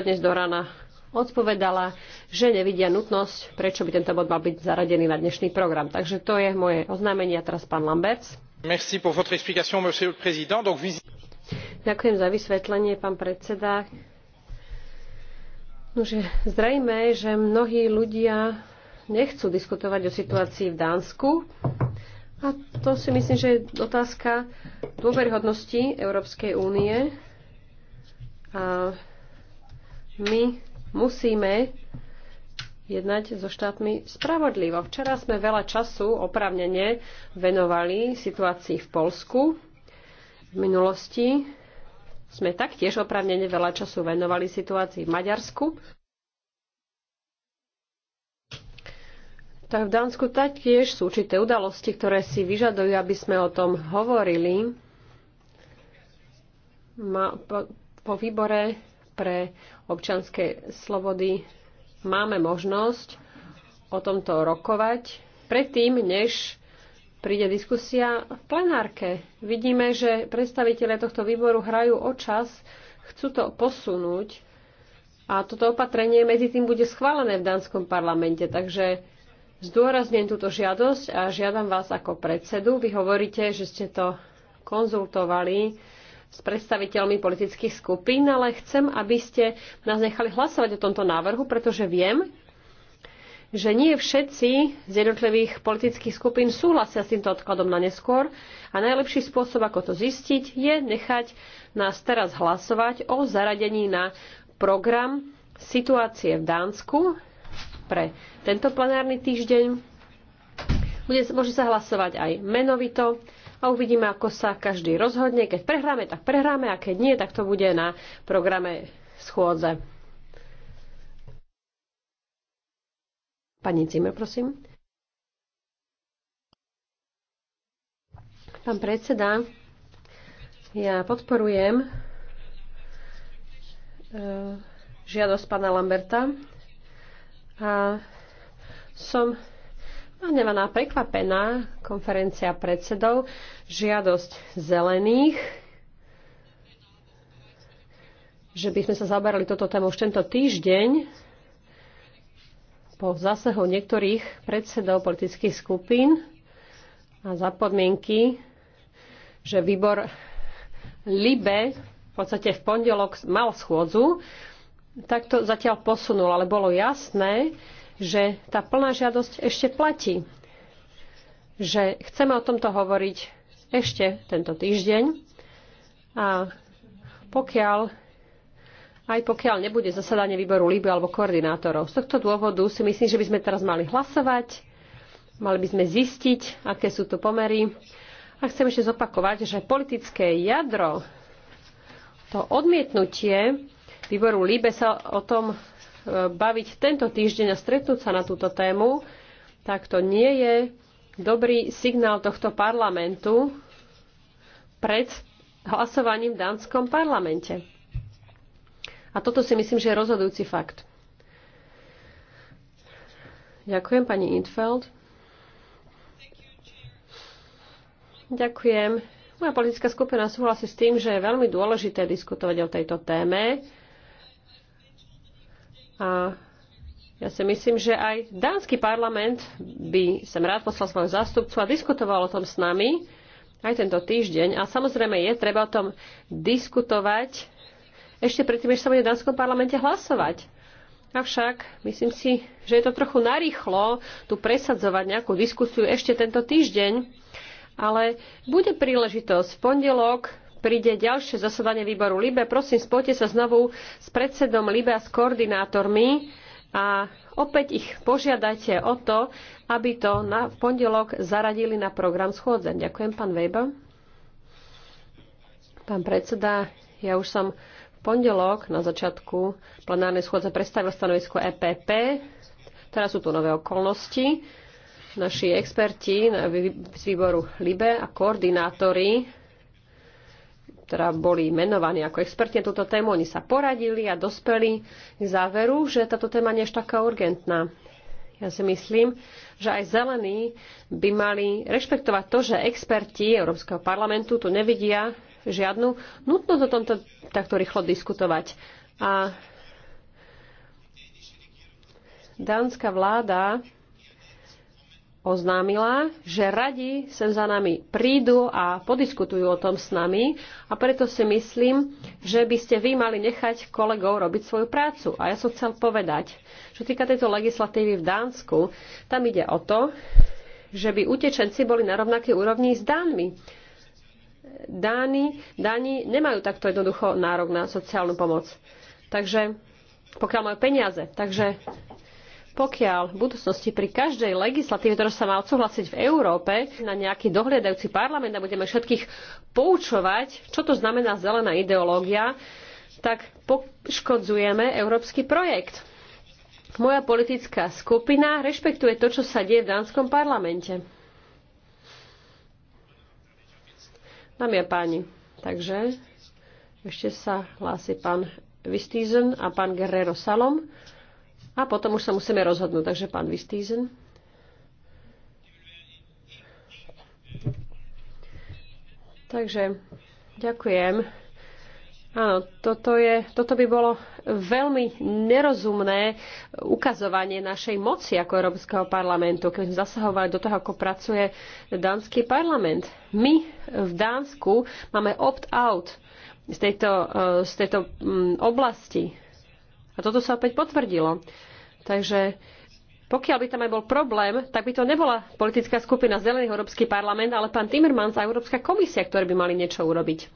dnes do rána odpovedala, že nevidia nutnosť, prečo by tento bod mal byť zaradený na dnešný program. Takže to je moje oznámenie. A teraz pán Lamberts. Merci pour votre explication, monsieur le président. Donc, vis... Ďakujem za vysvetlenie, pán predseda. Nože, zrejme, že mnohí ľudia nechcú diskutovať o situácii v Dánsku. A to si myslím, že je otázka dôveryhodnosti Európskej únie. A my musíme jednať so štátmi spravodlivo. Včera sme veľa času opravnene venovali situácii v Polsku. V minulosti sme taktiež opravnene veľa času venovali situácii v Maďarsku. Tak v Dánsku taktiež sú určité udalosti, ktoré si vyžadujú, aby sme o tom hovorili. Ma, po, po výbore pre občanské slobody máme možnosť o tomto rokovať predtým, než príde diskusia v plenárke. Vidíme, že predstavitelia tohto výboru hrajú o čas, chcú to posunúť a toto opatrenie medzi tým bude schválené v Dánskom parlamente. Takže zdôrazňujem túto žiadosť a žiadam vás ako predsedu. Vy hovoríte, že ste to konzultovali s predstaviteľmi politických skupín, ale chcem, aby ste nás nechali hlasovať o tomto návrhu, pretože viem, že nie všetci z jednotlivých politických skupín súhlasia s týmto odkladom na neskôr a najlepší spôsob, ako to zistiť, je nechať nás teraz hlasovať o zaradení na program situácie v Dánsku pre tento plenárny týždeň. Bude, môže sa hlasovať aj menovito a uvidíme, ako sa každý rozhodne. Keď prehráme, tak prehráme a keď nie, tak to bude na programe schôdze. Pani Cimer, prosím. Pán predseda, ja podporujem e, žiadosť pána Lamberta a som Hnevaná prekvapená konferencia predsedov, žiadosť zelených, že by sme sa zaoberali toto tému už tento týždeň po zásahu niektorých predsedov politických skupín a za podmienky, že výbor LIBE v podstate v pondelok mal schôdzu, tak to zatiaľ posunul, ale bolo jasné, že tá plná žiadosť ešte platí. Že chceme o tomto hovoriť ešte tento týždeň a pokiaľ aj pokiaľ nebude zasadanie výboru líby alebo koordinátorov. Z tohto dôvodu si myslím, že by sme teraz mali hlasovať, mali by sme zistiť, aké sú tu pomery. A chcem ešte zopakovať, že politické jadro, to odmietnutie výboru líbe sa o tom baviť tento týždeň a stretnúť sa na túto tému, tak to nie je dobrý signál tohto parlamentu pred hlasovaním v dánskom parlamente. A toto si myslím, že je rozhodujúci fakt. Ďakujem, pani Intfeld. Ďakujem. Moja politická skupina súhlasí s tým, že je veľmi dôležité diskutovať o tejto téme. A ja si myslím, že aj dánsky parlament by sem rád poslal svojho zástupcu a diskutoval o tom s nami aj tento týždeň. A samozrejme je treba o tom diskutovať ešte predtým, než sa bude v dánskom parlamente hlasovať. Avšak myslím si, že je to trochu narýchlo tu presadzovať nejakú diskusiu ešte tento týždeň, ale bude príležitosť. V pondelok príde ďalšie zasadanie výboru LIBE. Prosím, spojte sa znovu s predsedom LIBE a s koordinátormi a opäť ich požiadajte o to, aby to na, v pondelok zaradili na program schôdze. Ďakujem, pán Weber. Pán predseda, ja už som v pondelok na začiatku plenárnej schôdze predstavil stanovisko EPP. Teraz sú tu nové okolnosti naši experti z výboru LIBE a koordinátori teda boli menovaní ako experti na túto tému. Oni sa poradili a dospeli k záveru, že táto téma nie je taká urgentná. Ja si myslím, že aj zelení by mali rešpektovať to, že experti Európskeho parlamentu tu nevidia žiadnu nutnosť o tomto takto rýchlo diskutovať. A dánska vláda oznámila, že radi sem za nami prídu a podiskutujú o tom s nami a preto si myslím, že by ste vy mali nechať kolegov robiť svoju prácu. A ja som chcel povedať, čo týka tejto legislatívy v Dánsku, tam ide o to, že by utečenci boli na rovnakej úrovni s Dánmi. Dáni, Dáni nemajú takto jednoducho nárok na sociálnu pomoc. Takže pokiaľ majú peniaze. Takže pokiaľ v budúcnosti pri každej legislatíve, ktorá sa má odsúhlasiť v Európe, na nejaký dohliadajúci parlament a budeme všetkých poučovať, čo to znamená zelená ideológia, tak poškodzujeme európsky projekt. Moja politická skupina rešpektuje to, čo sa deje v dánskom parlamente. Dámy a páni, takže ešte sa hlási pán Vistýzen a pán Guerrero Salom. A potom už sa musíme rozhodnúť. Takže pán Vistýzen. Takže ďakujem. Áno, toto, je, toto by bolo veľmi nerozumné ukazovanie našej moci ako Európskeho parlamentu, keď sme zasahovali do toho, ako pracuje dánsky parlament. My v Dánsku máme opt-out z tejto, eh, z tejto mm, oblasti toto sa opäť potvrdilo. Takže pokiaľ by tam aj bol problém, tak by to nebola politická skupina Zelených Európsky parlament, ale pán Timmermans a Európska komisia, ktoré by mali niečo urobiť.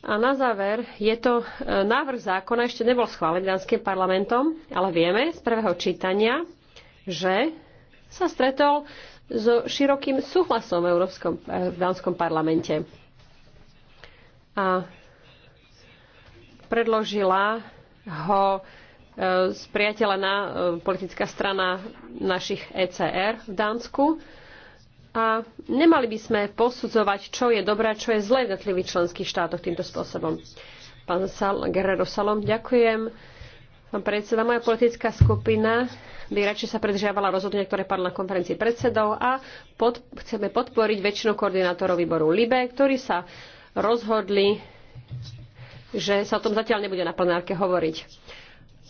A na záver, je to e, návrh zákona, ešte nebol schválený dánskym parlamentom, ale vieme z prvého čítania, že sa stretol so širokým súhlasom v, Európskom, e, v dánskom parlamente. A predložila ho spriateľená e, politická strana našich ECR v Dánsku. A nemali by sme posudzovať, čo je dobré a čo je zlé v jednotlivých členských štátoch týmto spôsobom. Pán Sal, Guerrero Salom, ďakujem. Pán predseda, moja politická skupina by radšej sa predržiavala rozhodnutia, ktoré padlo na konferencii predsedov a pod, chceme podporiť väčšinu koordinátorov výboru LIBE, ktorí sa rozhodli že sa o tom zatiaľ nebude na plenárke hovoriť.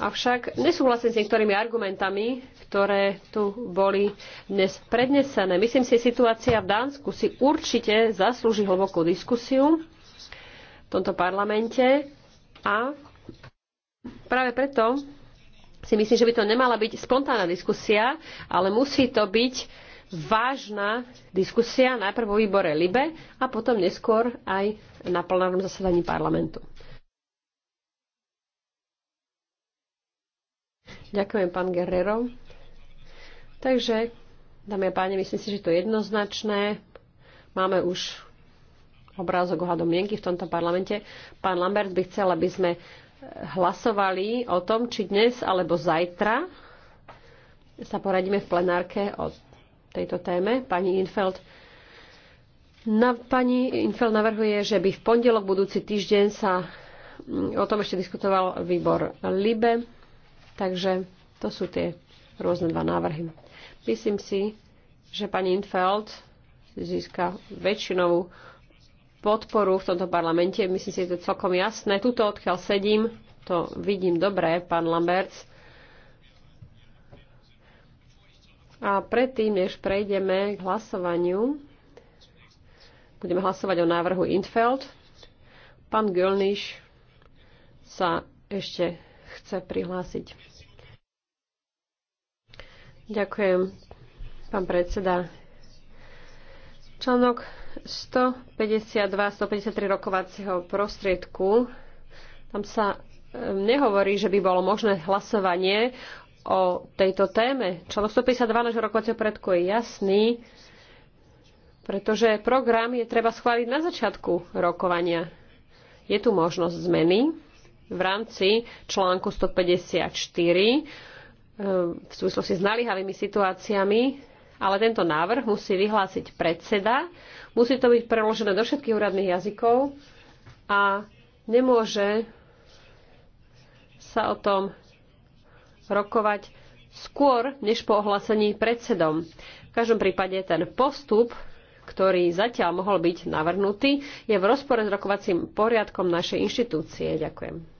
Avšak nesúhlasím s niektorými argumentami, ktoré tu boli dnes prednesené. Myslím si, situácia v Dánsku si určite zaslúži hlbokú diskusiu v tomto parlamente a práve preto si myslím, že by to nemala byť spontánna diskusia, ale musí to byť vážna diskusia najprv vo výbore LIBE a potom neskôr aj na plenárnom zasadaní parlamentu. Ďakujem, pán Guerrero. Takže, dámy a páni, myslím si, že to je jednoznačné. Máme už obrázok ohľadom mienky v tomto parlamente. Pán Lambert by chcel, aby sme hlasovali o tom, či dnes alebo zajtra sa poradíme v plenárke o tejto téme. Pani Infeld, na, pani Infeld navrhuje, že by v pondelok budúci týždeň sa mm, o tom ešte diskutoval výbor LIBE Takže to sú tie rôzne dva návrhy. Myslím si, že pani Infeld získa väčšinovú podporu v tomto parlamente. Myslím si, že to je celkom jasné. Tuto, odkiaľ sedím, to vidím dobre, pán Lamberts. A predtým, než prejdeme k hlasovaniu, budeme hlasovať o návrhu Infeld. Pán Gölniš sa ešte chce prihlásiť. Ďakujem, pán predseda. Článok 152-153 rokovacieho prostriedku. Tam sa e, nehovorí, že by bolo možné hlasovanie o tejto téme. Článok 152 nášho rokovacieho predku je jasný, pretože program je treba schváliť na začiatku rokovania. Je tu možnosť zmeny v rámci článku 154 e, v súvislosti s naliehavými situáciami, ale tento návrh musí vyhlásiť predseda, musí to byť preložené do všetkých úradných jazykov a nemôže sa o tom rokovať skôr než po ohlásení predsedom. V každom prípade ten postup, ktorý zatiaľ mohol byť navrhnutý, je v rozpore s rokovacím poriadkom našej inštitúcie. Ďakujem.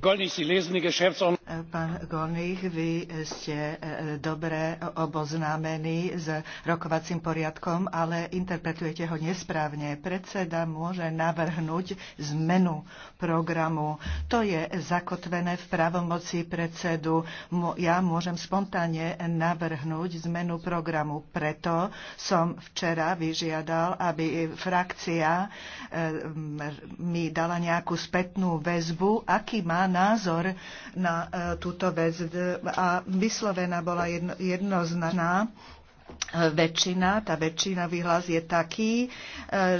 Pán Golník, vy ste eh, dobre oboznámení s rokovacím poriadkom, ale interpretujete ho nesprávne. Predseda môže navrhnúť zmenu programu. To je zakotvené v pravomoci predsedu. Ja môžem spontánne navrhnúť zmenu programu. Preto som včera vyžiadal, aby frakcia eh, mi dala nejakú spätnú väzbu, aký má názor na e, túto vec a vyslovená bola jednoznačná väčšina, tá väčšina výhlas je taký, e,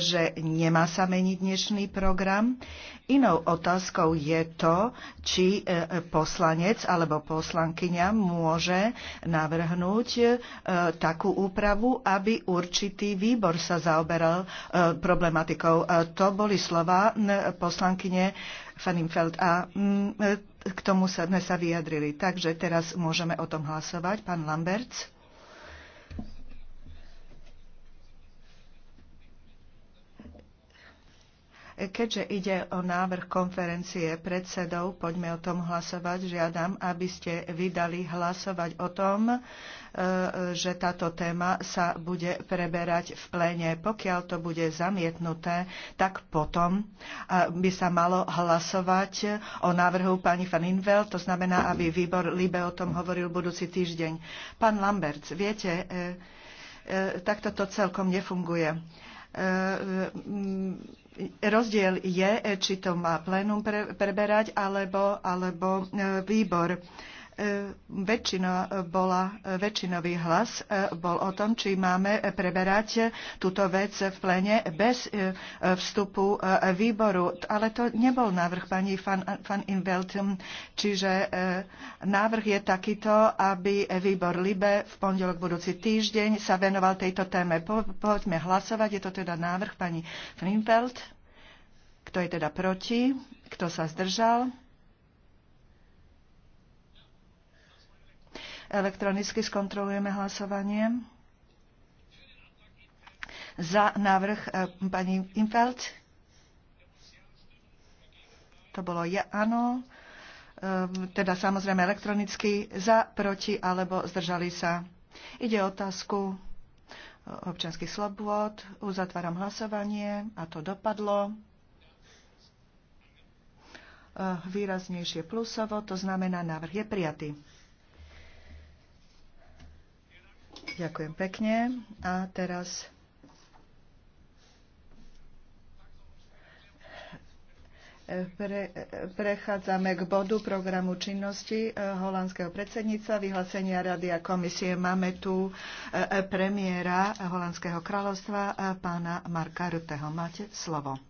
že nemá sa meniť dnešný program. Inou otázkou je to, či e, poslanec alebo poslankyňa môže navrhnúť e, takú úpravu, aby určitý výbor sa zaoberal problematikou. To boli slova poslankyne Fanimfeld a k tomu sme sa vyjadrili. Takže teraz môžeme o tom hlasovať. Pán Lamberts. Keďže ide o návrh konferencie predsedov, poďme o tom hlasovať. Žiadam, aby ste vydali hlasovať o tom, e, že táto téma sa bude preberať v pléne. Pokiaľ to bude zamietnuté, tak potom e, by sa malo hlasovať o návrhu pani Faninvel, to znamená, aby výbor Libe o tom hovoril budúci týždeň. Pán Lamberts, viete, e, takto to celkom nefunguje Rozdiel je, či to má plénum preberať alebo, alebo e, výbor. E, väčšina e, bola, e, väčšinový hlas bol o tom, či máme preberať túto vec v plene bez vstupu výboru. Ale to nebol návrh pani van, van Inveltum, čiže návrh je takýto, aby výbor LIBE v pondelok budúci týždeň sa venoval tejto téme. Po, poďme hlasovať, je to teda návrh pani Frimfeld. Kto je teda proti? Kto sa zdržal? Elektronicky skontrolujeme hlasovanie. Za návrh e, pani Infeld. To bolo ja, áno. Ehm, teda samozrejme elektronicky za, proti alebo zdržali sa. Ide o otázku e, občanských slobôd. Uzatváram hlasovanie a to dopadlo e, výraznejšie plusovo, to znamená, návrh je prijatý. Ďakujem pekne. A teraz Pre, prechádzame k bodu programu činnosti eh, holandského predsednica, vyhlásenia Rady a komisie. Máme tu eh, premiéra holandského kráľovstva, eh, pána Marka Ruteho. Máte slovo.